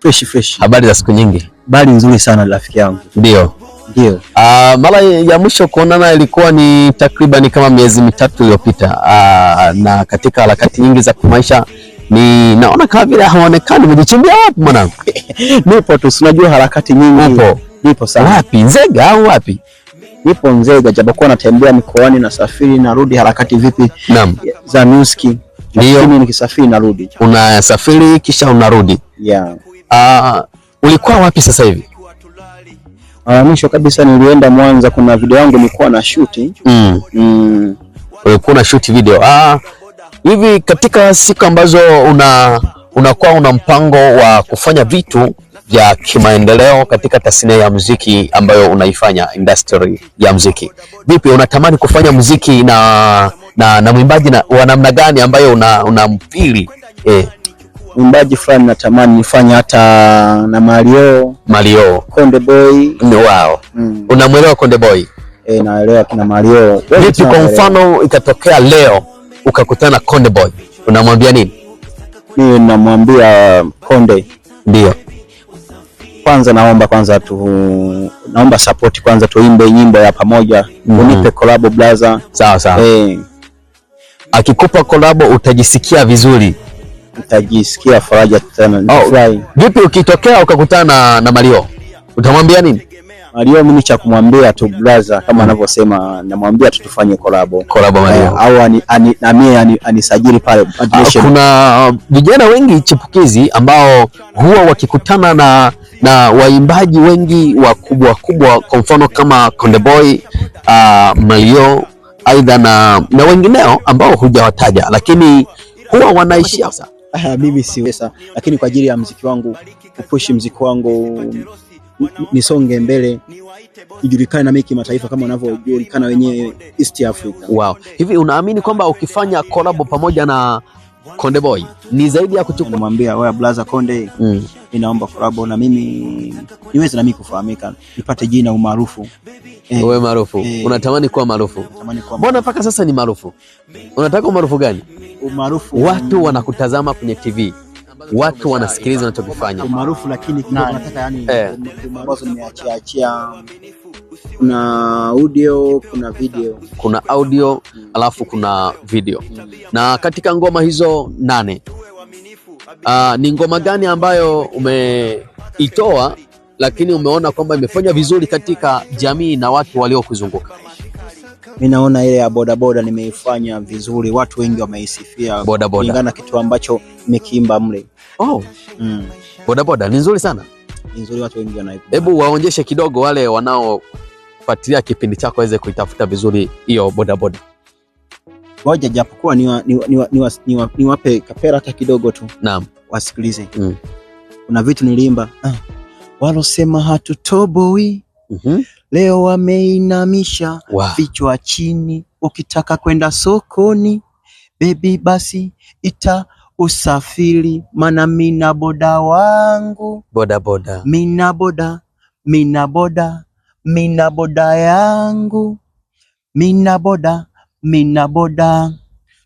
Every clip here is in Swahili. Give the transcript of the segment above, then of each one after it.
fresh fresh. Habari za siku nyingi? Bali nzuri sana rafiki yangu. Ndio. Ndio. Ah, mara ya mwisho kuonana ilikuwa ni takriban kama miezi mitatu iliyopita. Ah, na katika harakati nyingi za kimaisha ni naona kama vile haonekani. Umejichimbia wapi mwanangu? Nipo tu, unajua harakati nyingi. Nipo. Nipo sana. Wapi? Nzega au wapi? Nipo Nzega, japokuwa natembea mikoani na safiri rudi. Harakati vipi? Naam. Za muziki. Ndio. Mimi nikisafiri narudi. Unasafiri kisha unarudi. Yeah. Uh, ulikuwa wapi sasa hivi? Uh, mwisho kabisa nilienda Mwanza, kuna video yangu nilikuwa na shoot. Mm. Mm. Ulikuwa na shoot video. Ah, hivi katika siku ambazo una unakuwa una mpango wa kufanya vitu vya kimaendeleo katika tasnia ya muziki ambayo unaifanya industry ya muziki. Vipi, unatamani kufanya muziki na na, na mwimbaji na wa namna gani ambayo una, una mpili eh, mwimbaji fulani natamani nifanye hata na Mario Mario Konde Boy ni wao. Mm. Unamwelewa Konde Boy? Eh, naelewa kina Mario. Vipi kwa mfano ikatokea leo ukakutana Konde Boy, unamwambia nini? Mimi namwambia Konde, ndio kwanza naomba kwanza tu, naomba support kwanza, tuimbe nyimbo ya pamoja mm Unipe collab brother. Sawa sawa. Eh, akikupa collab utajisikia vizuri tutajisikia faraja tena. Oh, vipi oh, ukitokea ukakutana na na Mario utamwambia nini? Mario mimi cha kumwambia tu brother, kama anavyosema namwambia tu tufanye collab collab Mario eh, au ani, ani, ani, anisajili pale. Ah, uh, Kuna vijana wengi chipukizi ambao huwa wakikutana na na waimbaji wengi wakubwa kubwa, kwa mfano kama Konde Boy uh, Mario aidha na, na wengineo ambao hujawataja, lakini huwa wanaishia sasa Ah, mimi siweza, lakini kwa ajili ya mziki wangu kupushi mziki wangu nisonge mbele ijulikane na mimi kimataifa kama wanavyojulikana wenyewe East Africa. Wow. Hivi unaamini kwamba ukifanya collab pamoja na Konde Boy ni zaidi ya kuchukua. Namwambia wewe blaza Konde, mm. inaomba collab na mimi niweze na mimi kufahamika, nipate jina umaarufu. Eh, wewe maarufu eh, unatamani kuwa maarufu, mbona mpaka sasa ni maarufu? Unataka umaarufu gani? Umaarufu watu wanakutazama kwenye TV watu wanasikiliza unachokifanya, umaarufu lakini kinataka yani, eh. ambazo nimeachiaachia um, kuna audio, kuna video, kuna audio mm. alafu kuna video mm. Na katika ngoma hizo nane uh, ni ngoma gani ambayo umeitoa lakini umeona kwamba imefanya vizuri katika jamii na watu waliokuzunguka? Mi naona ile ya bodaboda nimeifanya vizuri, watu wengi wameisifia bodaboda kulingana na kitu ambacho nimekiimba mle. Oh. Mm. Bodaboda ni nzuri sana ni nzuri, watu wengi wanaikubali. Hebu waonyeshe kidogo wale wanaofuatilia kipindi chako waweze kuitafuta vizuri hiyo bodaboda Ngoja japokuwa niwape kapera hata kidogo tu. Naam, wasikilize. Mm. Kuna vitu nilimba ah. Walosema hatutoboi mm -hmm. Leo wameinamisha wow. Vichwa chini, ukitaka kwenda sokoni bebi, basi ita usafiri, mana mina boda wangu boda boda, mina boda mina boda mina boda yangu mina boda mina boda,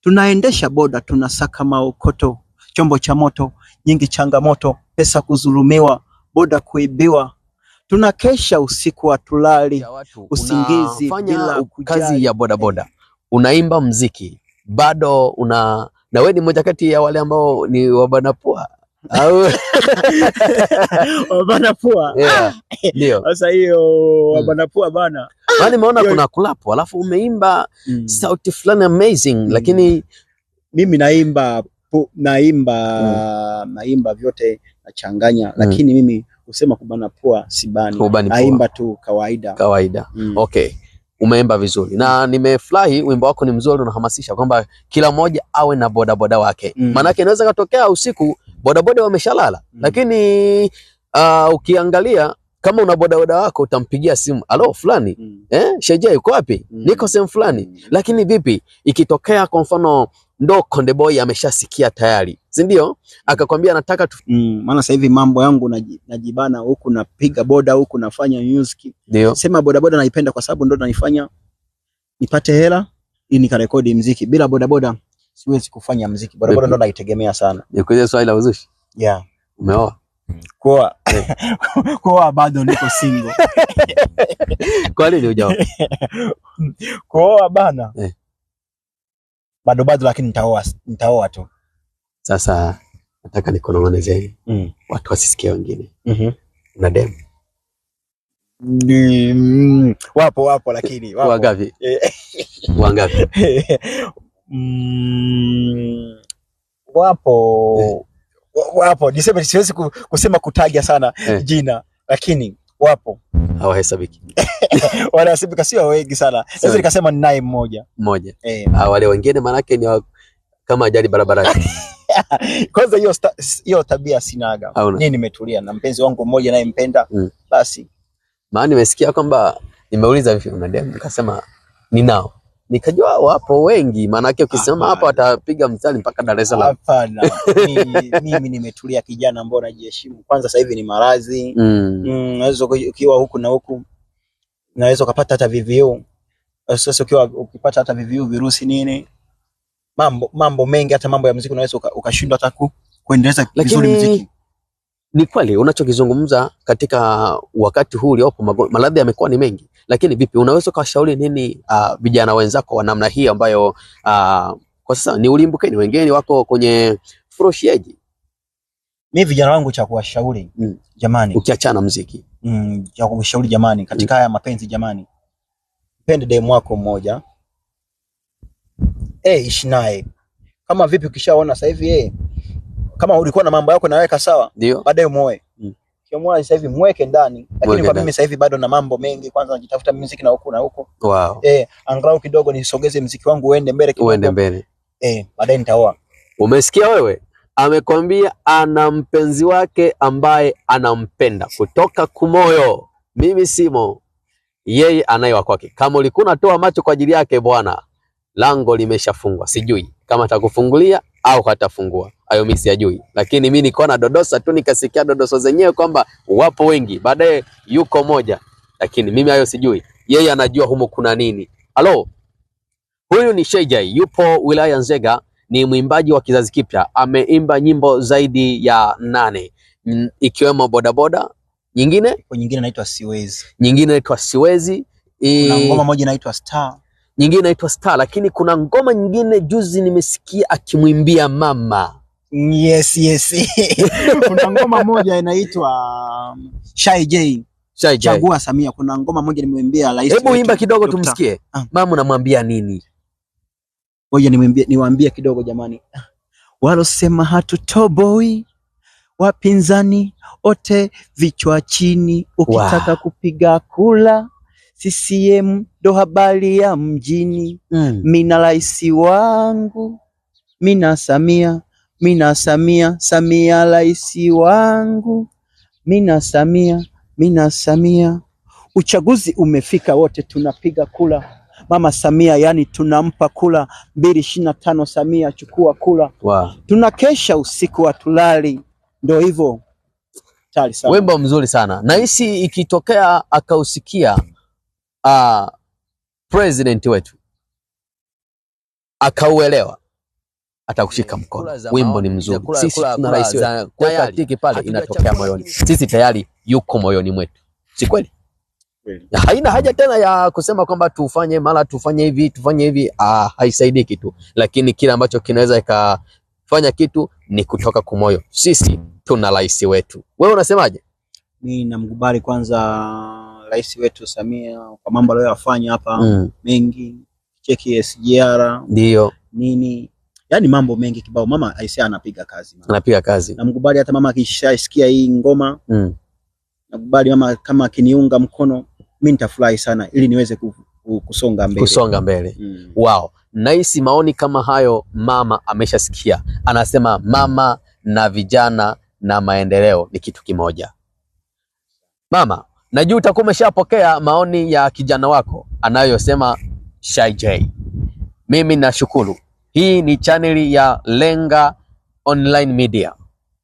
tunaendesha boda, tunasaka maokoto, chombo cha moto, nyingi changamoto, pesa kuzulumiwa, boda kuibiwa tunakesha usiku wa tulali usingizi bila kazi ya bodaboda boda. Unaimba mziki bado una na we ni moja kati ya wale ambao ni wabana pua au wabana pua ah! ndio. Sasa hiyo hmm. wabana pua bana, maana nimeona kuna kulapo, alafu umeimba mm. sauti fulani amazing mm. lakini mimi naimba pu, naimba mm. naimba vyote nachanganya mm. lakini mimi husema kubana pua sibani, naimba tu kawaida kawaida mm. okay umeimba vizuri na nimefurahi, wimbo wako ni mzuri, unahamasisha kwamba kila mmoja awe na bodaboda wake mm. Maanake inaweza katokea usiku bodaboda wameshalala mm. Lakini uh, ukiangalia kama una bodaboda wako utampigia simu, alo fulani mm. eh, Shejaa yuko wapi? mm. niko sehemu fulani mm. Lakini vipi ikitokea kwa mfano ndo Konde Boy ameshasikia tayari, si ndio? Akakwambia nataka tu mm, maana sasa hivi mambo yangu najibana, huku napiga boda, huku nafanya music. Ndio sema boda boda naipenda kwa sababu ndo naifanya nipate hela ili nikarekodi mziki. Bila boda boda siwezi kufanya mziki, boda boda ndo naitegemea sana. Nikuulize swali la uzushi, yeah, umeoa? Kwa kwa bado niko single. Kwa nini hujaoa? Kwa bana eh bado bado, lakini nitaoa nitaoa tu. Sasa nataka nikunong'oneze mm. watu wasisikie wengine mm -hmm. na dem mm, wapo wapo, lakini wapo wangapi wangapi mm, wapo eh. wapo, niseme siwezi kusema kutaja sana eh. jina lakini wapo hawahesabiki wanahesabika, sio wengi sana. Sasa nikasema ninaye mmoja mmoja eh, ah, wale wengine maanake ni wa... kama ajali barabarani kwanza hiyo hiyo tabia sinaga mimi, nimetulia na mpenzi wangu mmoja naye mpenda mm. Basi maana nimesikia kwamba nimeuliza vipi, unadem nikasema ninao Nikajua wapo wengi, maanake ukisema hapa watapiga mstari mpaka Dar es Salaam. Hapana, mimi nimetulia, kijana ambao najiheshimu. Kwanza sasa hivi ni maradhi, naweza mm. mm, ukiwa huku na huku naweza ukapata hata VVU. Sasa ukiwa ukipata hata VVU virusi nini, mambo mambo mengi, hata mambo ya muziki unaweza ukashindwa hata kuendeleza vizuri muziki. Ni kweli unachokizungumza katika wakati huu uliopo, maradhi yamekuwa ni mengi lakini vipi, unaweza ukawashauri nini uh, vijana wenzako wa namna hii ambayo uh, kwa sasa ni ulimbukeni, wengine wako kwenye froshiaji? Mimi vijana wangu cha kuwashauri mm. Jamani, ukiachana mziki mm, cha kuwashauri jamani, katika haya mm. mapenzi jamani, pende demu wako mmoja eh, ishi naye kama vipi, ukishaona sasa hivi eh, kama ulikuwa na mambo yako naweka sawa, baadaye muoe mm ukiamua sasa hivi mweke ndani, lakini kwa mimi sasa hivi bado na mambo mengi. Kwanza najitafuta muziki na huku na huko. wow. Eh, angalau kidogo nisogeze muziki wangu uende mbele kidogo, uende mbele eh, baadaye nitaoa. Umesikia wewe? Amekwambia ana mpenzi wake ambaye anampenda kutoka kumoyo. Mimi simo yeye, anaye wa kwake. Kama ulikuwa unatoa macho kwa ajili yake, bwana, lango limeshafungwa. Sijui kama atakufungulia au hatafungua hayo mimi siyajui, lakini mimi nilikuwa dodosa tu nikasikia dodoso zenyewe kwamba wapo wengi, baadaye yuko moja, lakini mimi hayo sijui. Yeye anajua humo kuna nini. Halo, huyu ni Shejai, yupo wilaya Nzega, ni mwimbaji wa kizazi kipya, ameimba nyimbo zaidi ya nane mm, ikiwemo bodaboda nyingine nyingine inaitwa siwezi, nyingine inaitwa siwezi e... kuna ngoma moja inaitwa star, nyingine inaitwa star, lakini kuna ngoma nyingine juzi nimesikia akimwimbia mama Yes, yes. Kuna ngoma moja inaitwa um, Shy J. Shy J. Chagua Samia. Kuna ngoma moja nimemwambia rais. Hebu imba kidogo tumsikie. Ah. Mama unamwambia nini? Ngoja nimwambie niwaambie kidogo jamani. Walosema hatutoboi wapinzani ote vichwa chini, ukitaka wow, kupiga kula CCM ndo habari ya mjini mm. Mina rais wangu mina Samia Mina Samia, Samia raisi wangu, Mina Samia, Mina Samia. Uchaguzi umefika, wote tunapiga kula Mama Samia, yani tunampa kula mbili ishirini na tano. Samia chukua kula wow. Tunakesha usiku wa tulali, ndo hivyo. Wimbo mzuri sana nahisi, ikitokea akausikia uh, president wetu akauelewa atakushika eh, mkono. Wimbo ni mzuri, sisi tuna rais wetu, kuweka tiki pale inatokea moyoni, sisi tayari yuko moyoni mwetu, si kweli? Haina haja tena ya kusema kwamba tufanye mara tufanye hivi tufanye hivi, ah, haisaidii kitu. Lakini kile ambacho kinaweza ikafanya kitu ni kutoka kwa moyo. Sisi tuna rais wetu, wewe unasemaje? Mimi namkubali kwanza rais wetu Samia kwa mambo aliyoyafanya hapa mm. mengi, cheki SGR ndio nini yani mambo mengi kibao. Mama aisee anapiga kazi, anapiga kazi, namkubali. Hata mama akishasikia hii ngoma mm. nakubali mama, kama akiniunga mkono mimi nitafurahi sana, ili niweze kusonga mbele, kusonga mbele mm. Wow, nice. Maoni kama hayo mama ameshasikia, anasema mama na vijana na maendeleo ni kitu kimoja. Mama, najua utakuwa umeshapokea maoni ya kijana wako anayosema Shai J. Mimi nashukuru hii ni chaneli ya Lenga Online Media.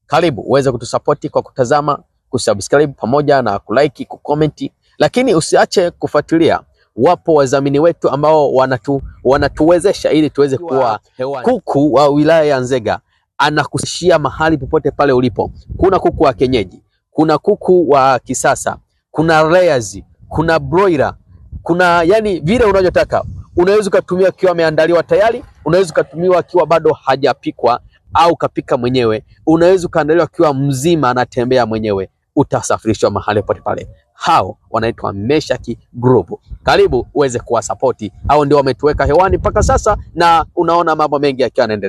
Karibu uweze kutusapoti kwa kutazama, kusubscribe pamoja na kulike, kukomenti, lakini usiache kufuatilia. Wapo wadhamini wetu ambao wanatu, wanatuwezesha ili tuweze kuwa hewani. Kuku wa wilaya ya Nzega anakushia mahali popote pale ulipo. Kuna kuku wa kienyeji, kuna kuku wa kisasa, kuna layers, kuna broiler, kuna yani vile unavyotaka unaweza ukatumia ukiwa ameandaliwa tayari unaweza ukatumiwa akiwa bado hajapikwa au kapika mwenyewe, unaweza ukaandaliwa akiwa mzima anatembea mwenyewe, utasafirishwa mahali pote pale. Hao wanaitwa Meshaki Group. Karibu uweze kuwasapoti. Hao ndio wametuweka hewani mpaka sasa, na unaona mambo mengi yakiwa yanaendelea.